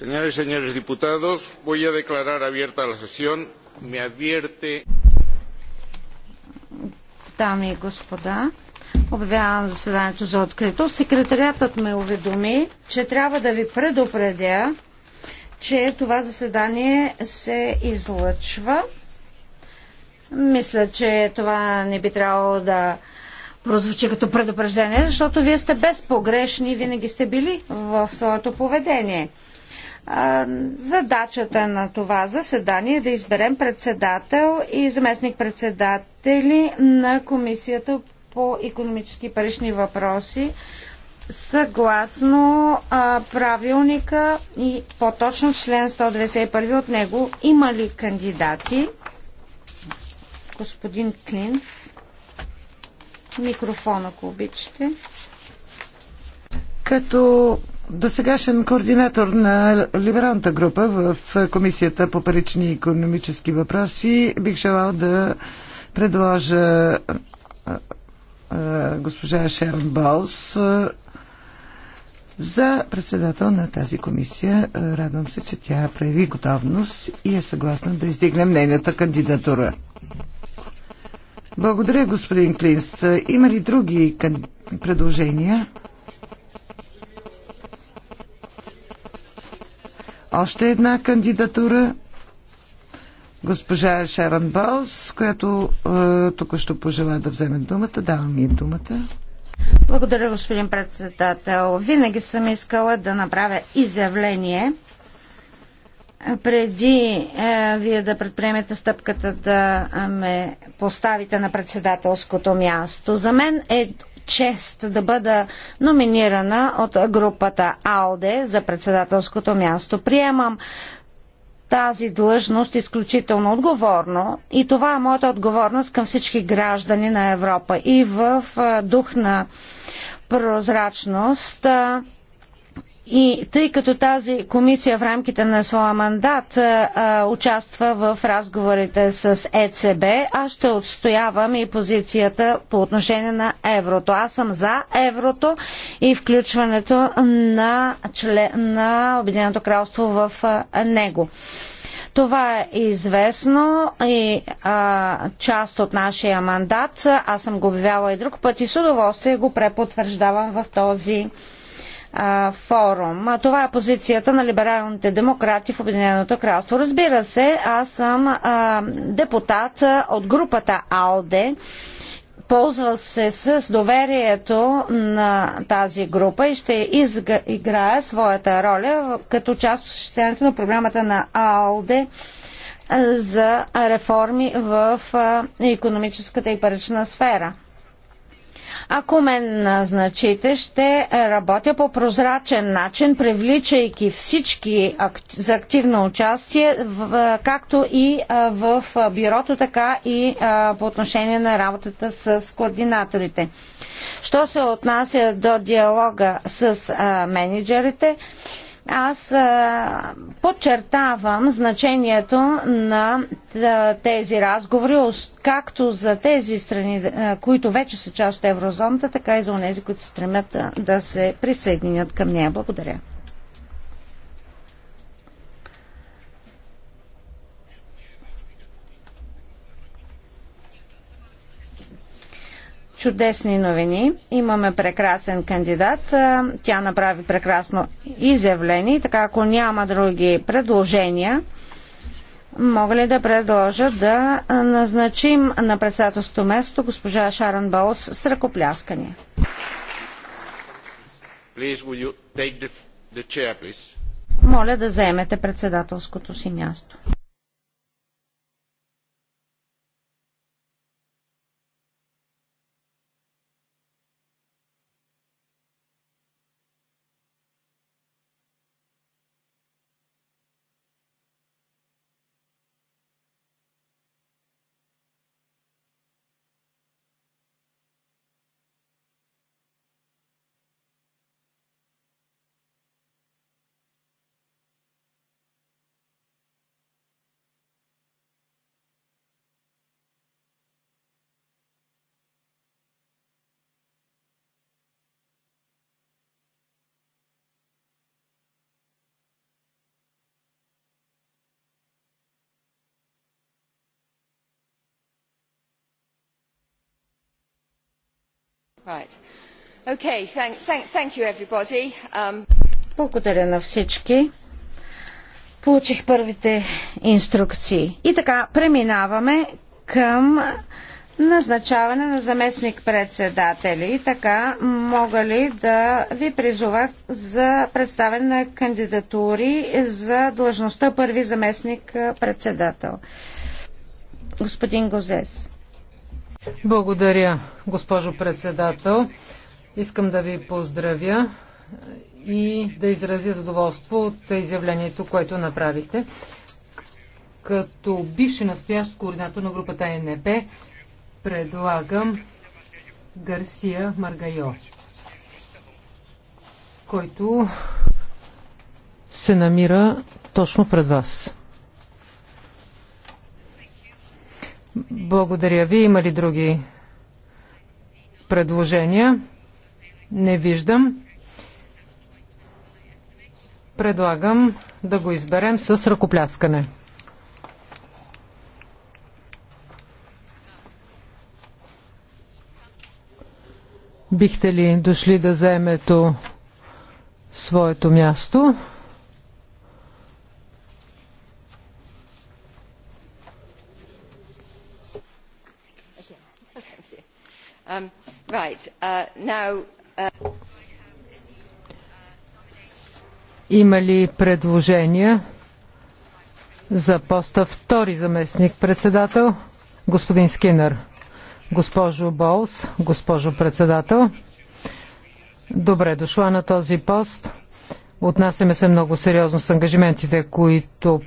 Señores y señores diputados, voy a declarar abierta la sesión. Me advierte. Дами и господа, обявявам заседанието за открито. Секретариатът ме уведоми, че трябва да ви предупредя, че това заседание се излъчва. Мисля, че това не би трябвало да прозвучи като предупреждение, защото вие сте безпогрешни, винаги сте били в своето поведение. Задачата на това заседание е да изберем председател и заместник-председатели на Комисията по економически и парични въпроси съгласно а, правилника и по-точно член 121 от него. Има ли кандидати? Господин Клин, микрофон, ако обичате. Като досегашен координатор на либералната група в Комисията по парични и економически въпроси, бих желал да предложа госпожа Шерн Болс за председател на тази комисия. Радвам се, че тя прояви готовност и е съгласна да издигнем нейната кандидатура. Благодаря, господин Клинс. Има ли други предложения? още една кандидатура госпожа Шерон Болс, която е, тук ще пожела да вземе думата. Давам и думата. Благодаря, господин председател. Винаги съм искала да направя изявление преди е, вие да предприемете стъпката да ме поставите на председателското място. За мен е чест да бъда номинирана от групата АЛДЕ за председателското място. Приемам тази длъжност изключително отговорно и това е моята отговорност към всички граждани на Европа. И в дух на прозрачност и тъй като тази комисия в рамките на своя мандат а, участва в разговорите с ЕЦБ, аз ще отстоявам и позицията по отношение на еврото. Аз съм за еврото и включването на, член, на Обединеното кралство в а, него. Това е известно и а, част от нашия мандат. Аз съм го обявяла и друг път и с удоволствие го препотвърждавам в този а, форум. А, това е позицията на либералните демократи в Обединеното кралство. Разбира се, аз съм а, депутат а, от групата АЛДЕ. Ползва се с доверието на тази група и ще изга, играе своята роля като част от осъществяването на програмата на АЛДЕ за реформи в економическата и парична сфера. Ако ме назначите, ще работя по прозрачен начин, привличайки всички за активно участие, както и в бюрото, така и по отношение на работата с координаторите. Що се отнася до диалога с менеджерите, аз подчертавам значението на тези разговори, както за тези страни, които вече са част от еврозоната, така и за тези, които се стремят да се присъединят към нея. Благодаря. чудесни новини. Имаме прекрасен кандидат. Тя направи прекрасно изявление. Така, ако няма други предложения, мога ли да предложа да назначим на председателството место госпожа Шаран Болс с ръкопляскания? Please, the, the chair, Моля да заемете председателското си място. Um, Благодаря на всички. Получих първите инструкции. И така, преминаваме към назначаване на заместник-председатели. Така, мога ли да ви призова за представяне на кандидатури за длъжността първи заместник-председател? Господин Гозес. Благодаря, госпожо председател. Искам да ви поздравя и да изразя задоволство от изявлението, което направихте. Като бивши настоящ координатор на групата НП, предлагам Гарсия Маргайо, който се намира точно пред вас. Благодаря ви. Има ли други предложения? Не виждам. Предлагам да го изберем с ръкопляскане. Бихте ли дошли да заемето своето място? Uh, Има ли предложения за поста втори заместник председател? Господин Скинър, госпожо Болс, госпожо председател. Добре дошла на този пост. Отнасяме се много сериозно с ангажиментите, които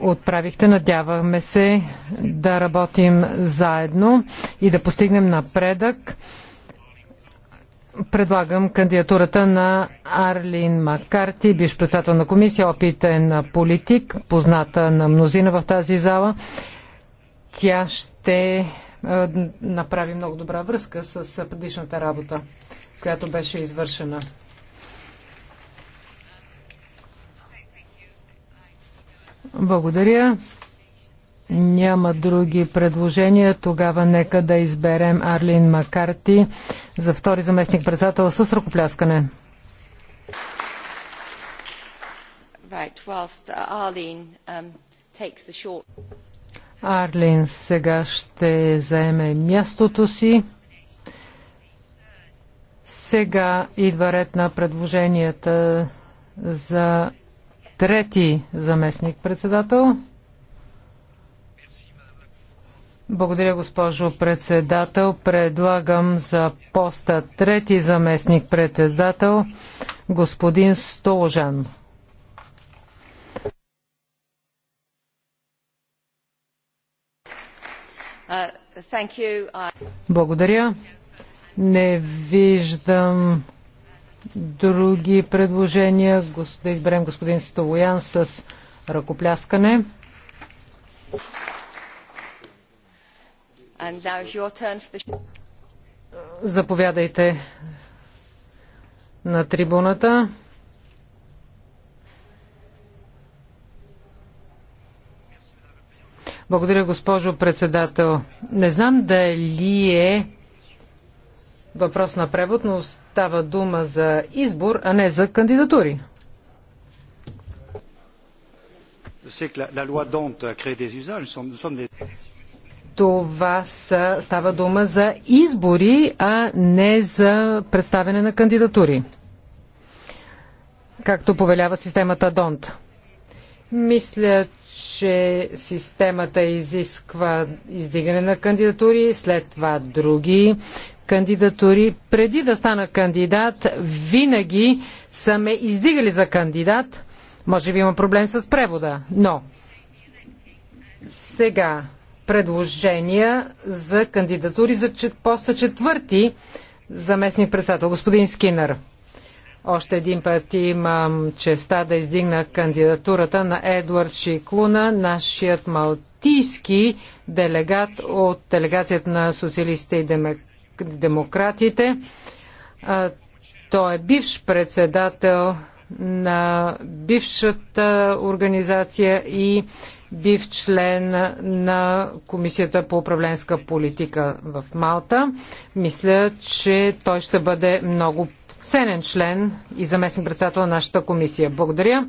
отправихте. Надяваме се да работим заедно и да постигнем напредък, предлагам кандидатурата на Арлин Маккарти, биш председател на комисия, опитен политик, позната на мнозина в тази зала. Тя ще направи много добра връзка с предишната работа, която беше извършена. Благодаря няма други предложения, тогава нека да изберем Арлин Макарти за втори заместник председател с ръкопляскане. Uh, um, Арлин сега ще заеме мястото си. Сега идва ред на предложенията за трети заместник председател. Благодаря, госпожо председател. Предлагам за поста трети заместник председател господин Столожан. Uh, Благодаря. Не виждам други предложения. Да изберем господин Столоян с ръкопляскане. Thank you. Заповядайте на трибуната. Благодаря, госпожо председател. Не знам дали е въпрос на превод, но става дума за избор, а не за кандидатури. Je че que la, la loi Dante a това са, става дума за избори, а не за представяне на кандидатури, както повелява системата ДОНТ. Мисля, че системата изисква издигане на кандидатури, след това други кандидатури. Преди да стана кандидат, винаги са ме издигали за кандидат. Може би има проблем с превода, но сега предложения за кандидатури за поста четвърти заместник председател. Господин Скинър, още един път имам честа да издигна кандидатурата на Едуард Шиклуна, нашият малтийски делегат от делегацията на социалистите и демократите. Той е бивш председател на бившата организация и бив член на Комисията по управленска политика в Малта. Мисля, че той ще бъде много ценен член и заместник председател на нашата комисия. Благодаря.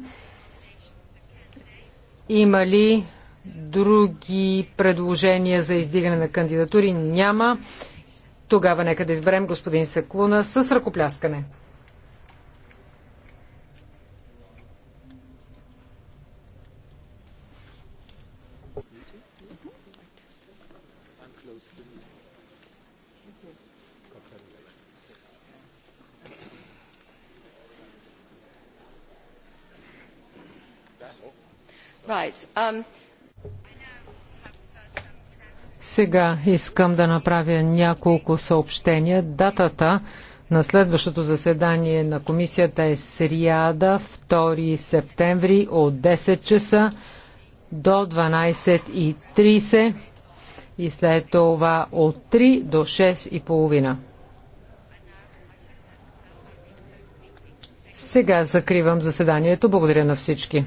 Има ли други предложения за издигане на кандидатури? Няма. Тогава нека да изберем господин Секлуна с ръкопляскане. close Right. Um... Сега искам да направя няколко съобщения. Датата на следващото заседание на комисията е сряда, 2 септември от 10 часа до 12.30 и след това от 3 до 6 и половина. Сега закривам заседанието. Благодаря на всички.